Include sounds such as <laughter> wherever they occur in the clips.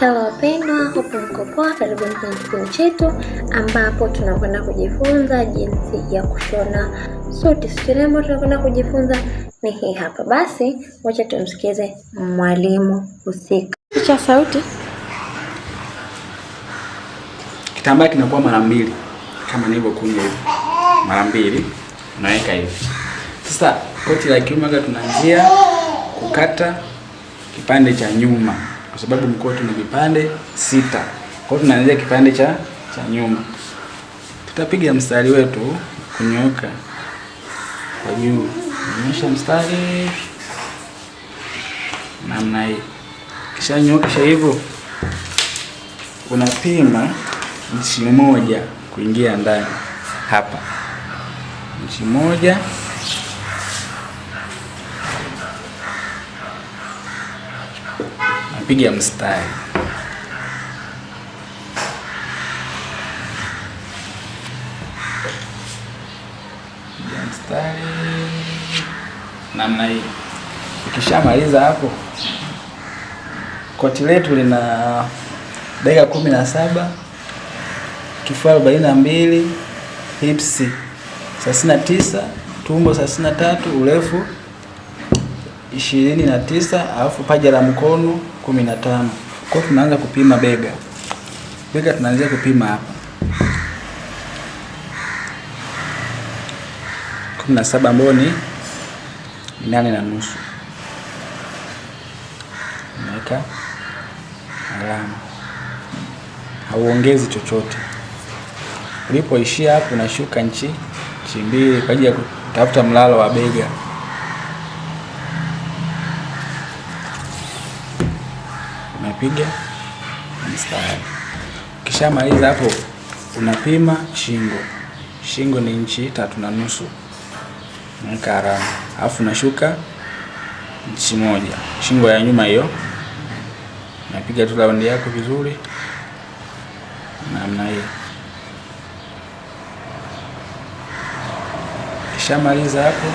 Hello wapendwa, hope mko poa. Karibuni kwenye kipindi chetu ambapo tunakwenda kujifunza jinsi ya kushona suti. Suti rembo tunakwenda kujifunza ni hii hapa. Basi wacha tumsikize mwalimu husika. cha sauti, kitambaa kinakuwa mara mbili kama nilivyokunja hivi, mara mbili unaweka hivi. Sasa koti la kiume tunaanzia kukata kipande cha nyuma kwa sababu mkoa tuna vipande sita. Kwa hiyo tunaanzia kipande cha cha nyuma, tutapiga mstari wetu kunyoka kwa juu, nyosha mstari namna hii, kisha nyosha hivyo, unapima nchi moja kuingia ndani hapa, nchi moja kupiga mstari. Piga mstari namna hii. Ukishamaliza hapo, koti letu lina dakika kumi na saba kifua arobaini na mbili hips thelathini na tisa tumbo thelathini na tatu urefu ishirini na tisa alafu paja la mkono kumi na tano kwao tunaanza kupima bega bega tunaanzia kupima hapa kumi na saba ambayo ni nane na nusu naweka alama hauongezi chochote ulipoishia hapo unashuka nchi nchi mbili kwa ajili ya kutafuta mlalo wa bega unapiga mstari. Ukishamaliza hapo, unapima shingo. Shingo ni inchi tatu na nusu mkara, alafu unashuka inchi moja, shingo ya nyuma hiyo. Unapiga tu raundi yako vizuri namna hii. Ukishamaliza hapo,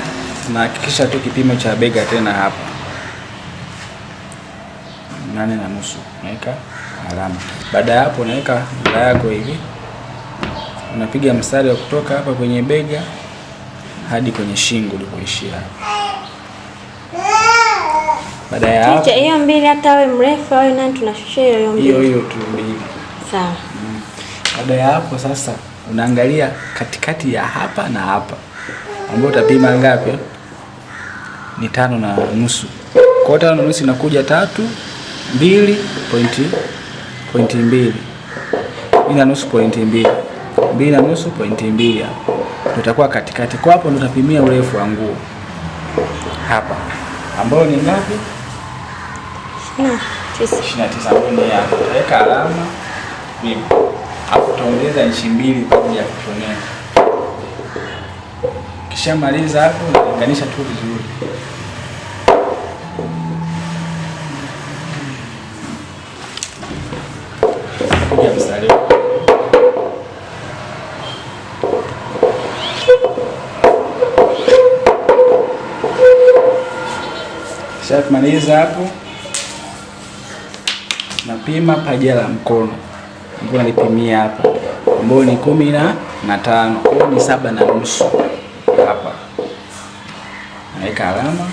tunahakikisha tu kipimo cha bega tena hapo nane na nusu unaweka alama. Baada ya hapo, unaweka nira yako hivi, unapiga mstari wa kutoka hapa kwenye bega hadi kwenye shingo ulipoishia. Baada ya hapo, hiyo mbili, hata awe mrefu awe nani, tunashushia hiyo mbili, hiyo hiyo tu mbili. Sawa. Mm. Baada ya hapo sasa unaangalia katikati ya hapa na hapa ambayo utapima ngapi? Ni tano na nusu. Kwa tano na nusu inakuja tatu mbili pointi pointi mbili mbili na nusu pointi mbili mbili na nusu pointi mbili hapo tutakuwa katikati kwa hapo, ndo tutapimia urefu wa nguo hapa, ambayo ni ngapi? 29 tisa ni ya Utaweka alama mimi, hapo tutaongeza inchi mbili kwa ajili ya kushonea. Kishamaliza hapo, unalinganisha tu vizuri. Nikishamaliza hapo, napima paja la mkono, ambao nalipimia hapa, ambayo ni kumi na tano, kwa ni saba na nusu. Hapa naweka alama,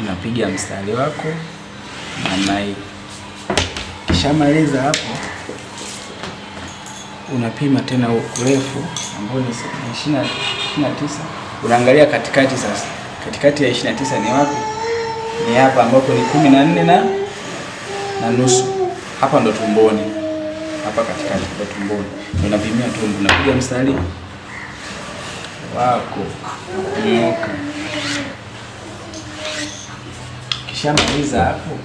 unapiga mstari wako namna Kishamaliza hapo, unapima tena urefu ambao ni ishirini na tisa, unaangalia katikati sasa katikati ya 29 ni wapi? Ni hapa ambapo ni kumi na nne na na nusu. Hapa ndo tumboni, hapa katikati ndo tumboni, unapimia tumbo, unapiga mstari wako nyooka. Kisha maliza hapo,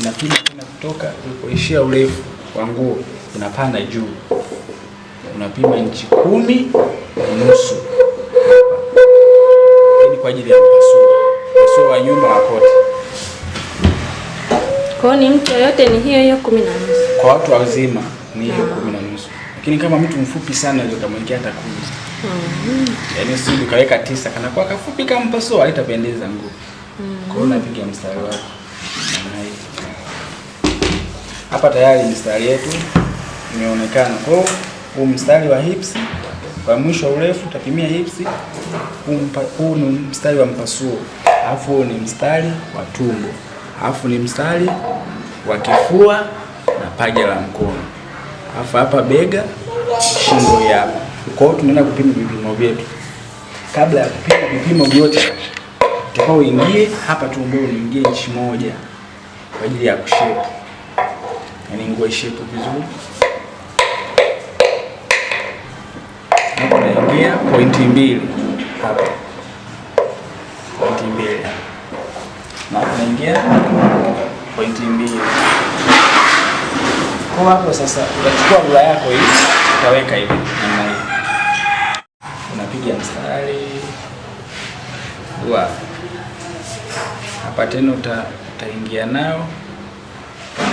unapima tena kutoka ulipoishia urefu wa nguo, unapanda juu, unapima inchi kumi na nusu kwa ajili ya mpasuo pasuo wa nyumba na koti. Kwa ni mtu yote ni hiyo hiyo kumi na nusu. Kwa watu wazima ni hiyo ah. kumi na nusu, lakini kama mtu mfupi sana ndio kamwekea hata kumi. Mm. Yaani si ukaweka tisa kana kwa kafupi kama mpasuo haitapendeza nguo. Mm. Kwa hiyo mm-hmm. unapiga mstari wako. Hapa tayari mstari yetu imeonekana. Kwa hiyo huu mstari wa hips wa mwisho wa urefu utapimia hipsi. Huu ni mstari wa mpasuo, alafu huu ni mstari wa tumbo, alafu ni mstari wa kifua na paja la mkono, alafu hapa bega, shingo hapa. Kwa hiyo tunaenda kupima vipimo vyetu. Kabla ya kupima vipimo vyote, utakuwa uingie hapa tumbo, uingie inchi moja kwa ajili ya kushepu, yaani nguo ishepu vizuri. tumia pointi mbili hapa, pointi mbili na tunaingia pointi mbili kwa hapo. Sasa utachukua rula yako hii, utaweka hivi namna hii, unapiga mstari wa hapa, tena utaingia nao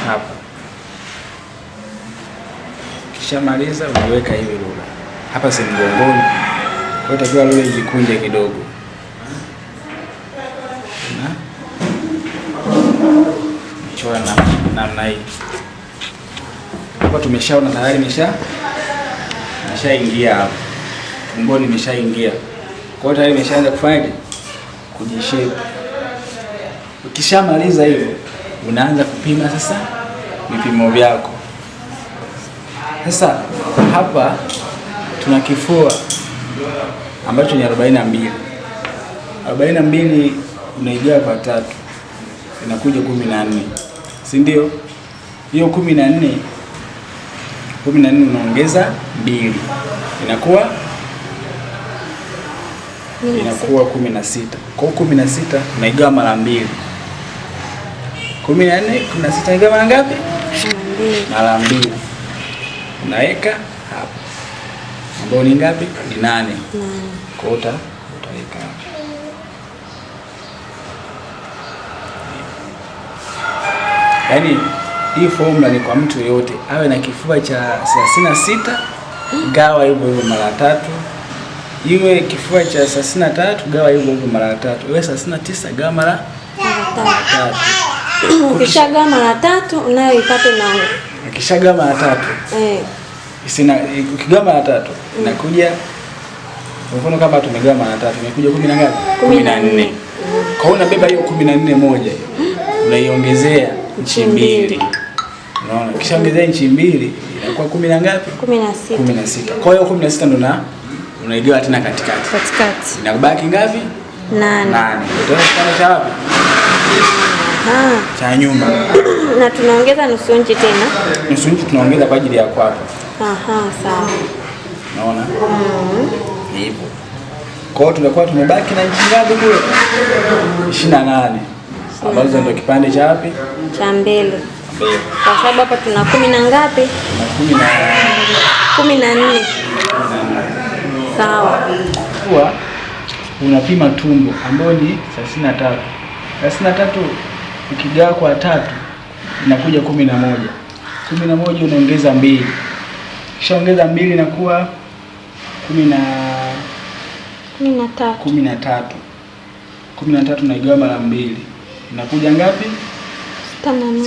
hapa, kisha maliza uliweka hivi rula hapa si mgongoni, kwa hiyo takiwa ijikunje kidogo chora namna hii. tumeshaona tayari mesha meshaingia hapa tumboni, imeshaingia kwa hiyo tayari imeshaanza kufanyaje kujishape. Ukishamaliza hiyo unaanza kupima sasa vipimo vyako sasa hapa tuna kifua ambacho ni arobaini na mbili arobaini na mbili unaigawa kwa tatu inakuja kumi na nne si ndio? Hiyo kumi na nne kumi na nne unaongeza mbili inakuwa inakuwa kumi na sita Kwa kumi na sita unaigawa mara mbili, kumi na nne kumi na sita unaigawa mara ngapi? Mara mbili, unaweka hapo ambao ni ngapi? Ni nane. Kwa hiyo utaweka yani, hii formula ni kwa mtu yoyote awe na kifua cha sita gawa hivyo hivyo mara tatu, iwe kifua cha tatu gawa hivyo hivyo mara tatu, iwe tisa gawa mara tatu. <coughs> Ukishagaa mara tatu ipate na ukishagaa mara tatu eh sina ukigawa mara tatu mm. inakuja kwa mfano kama tumegawa mara tatu imekuja kumi na ngapi? kumi na nne. Kwa hiyo unabeba hiyo kumi na nne moja unaiongezea nchi mbili, unaona, kisha ongezea nchi mbili inakuwa kumi na ngapi? kumi na sita. Kwa hiyo kumi na sita ndo unaigawa tena katikati, katikati inabaki ngapi? nane. Nane utaona kipande cha wapi? cha nyuma, <clears throat> na tunaongeza nusu nchi tena, nusu nchi tunaongeza kwa ajili ya kwako Aha, Naona? Mm. Hivyo. Kwa hiyo tunakuwa tumebaki na nchi ngapi kule? 28. Ambazo ndio kipande cha wapi? Cha mbele. Kwa sababu hapa tuna kumi na ngapi? Na kumi na nne. Sawa. Kwa unapima tumbo ambayo ni thelathini na tatu. Thelathini na tatu ukigawa kwa tatu inakuja kumi na moja. Kumi na moja unaongeza mbili kisha mbili inakuwa kumi na kumi na tatu. Kumi na tatu naigawa mara mbili inakuja ngapi?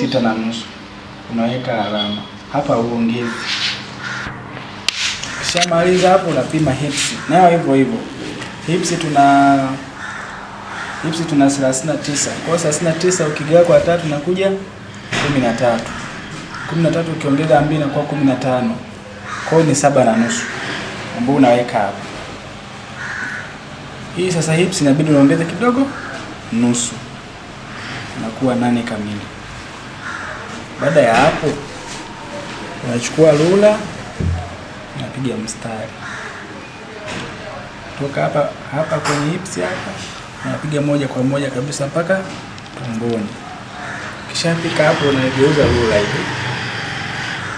Sita na nusu. Unaweka alama hapa, uongezi. Ukishamaliza hapo, unapima hips nayo hivyo hivyo. Hipsi tuna hipsi tuna tisa kwa tisa ukigawa kwa tatu inakuja kumi na tatu. Kumi na tatu ukiongeza mbili inakuwa kumi na tano. Kwa hiyo ni saba na nusu ambayo unaweka hapo. Hii sasa hips inabidi unaongeze kidogo nusu, unakuwa nane kamili. Baada ya hapo, unachukua rula unapiga mstari toka hapa hapa kwenye hips hapa, unapiga moja kwa moja kabisa mpaka tumboni. Ukishafika hapo, unageuza rula hivi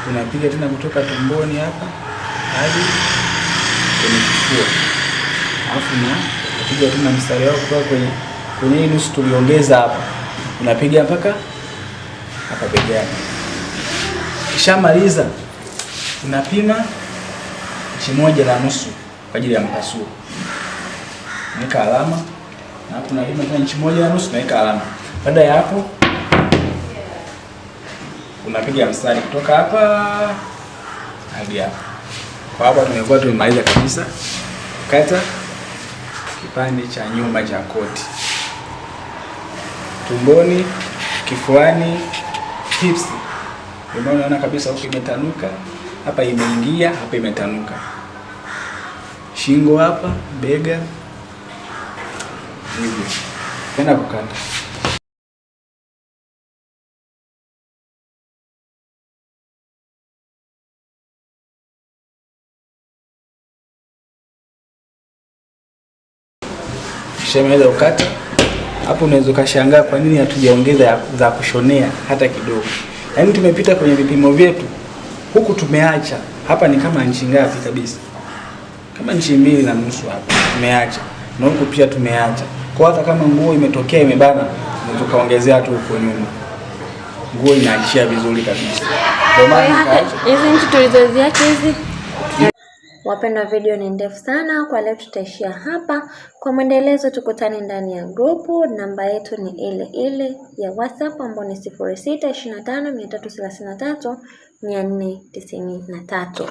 tunapiga tena kutoka tumboni hapa hadi kwenye kifua, alafu na tena mstari wao kutoka kwenye kwenye hii nusu tuliongeza hapa, unapiga mpaka hapa begani. Kishamaliza unapima inchi moja na nusu kwa ajili ya mpasuo, naweka alama na hapo unapima tena inchi moja na nusu, naweka alama. Baada ya hapo unapiga mstari kutoka hapa hadi hapa. Kwa hapa tumekuwa tumemaliza kabisa kata kipande cha nyuma cha koti, tumboni, kifuani, hips. Ndio unaona kabisa huko imetanuka, hapa imeingia, hapa imetanuka, shingo hapa, bega, hivi tena kukata. ukishamaliza ukata hapo, unaweza ukashangaa kwa nini hatujaongeza za kushonea hata kidogo. Yaani tumepita kwenye vipimo vyetu huku tumeacha. Hapa ni kama nchi ngapi kabisa? Kama nchi mbili na nusu hapa tumeacha, na huku pia tumeacha. Kwa hata kama nguo imetokea imebana, unaweza ukaongezea tu huko nyuma, nguo inaachia vizuri kabisa. hizi nchi tulizoziacha hizi Wapendwa, video ni ndefu sana kwa leo, tutaishia hapa. Kwa mwendelezo, tukutane ndani ya grupu. Namba yetu ni ile ile ya WhatsApp ambayo ni sifuri sita ishirini na tano mia tatu thelathini na tatu mia nne tisini na tatu.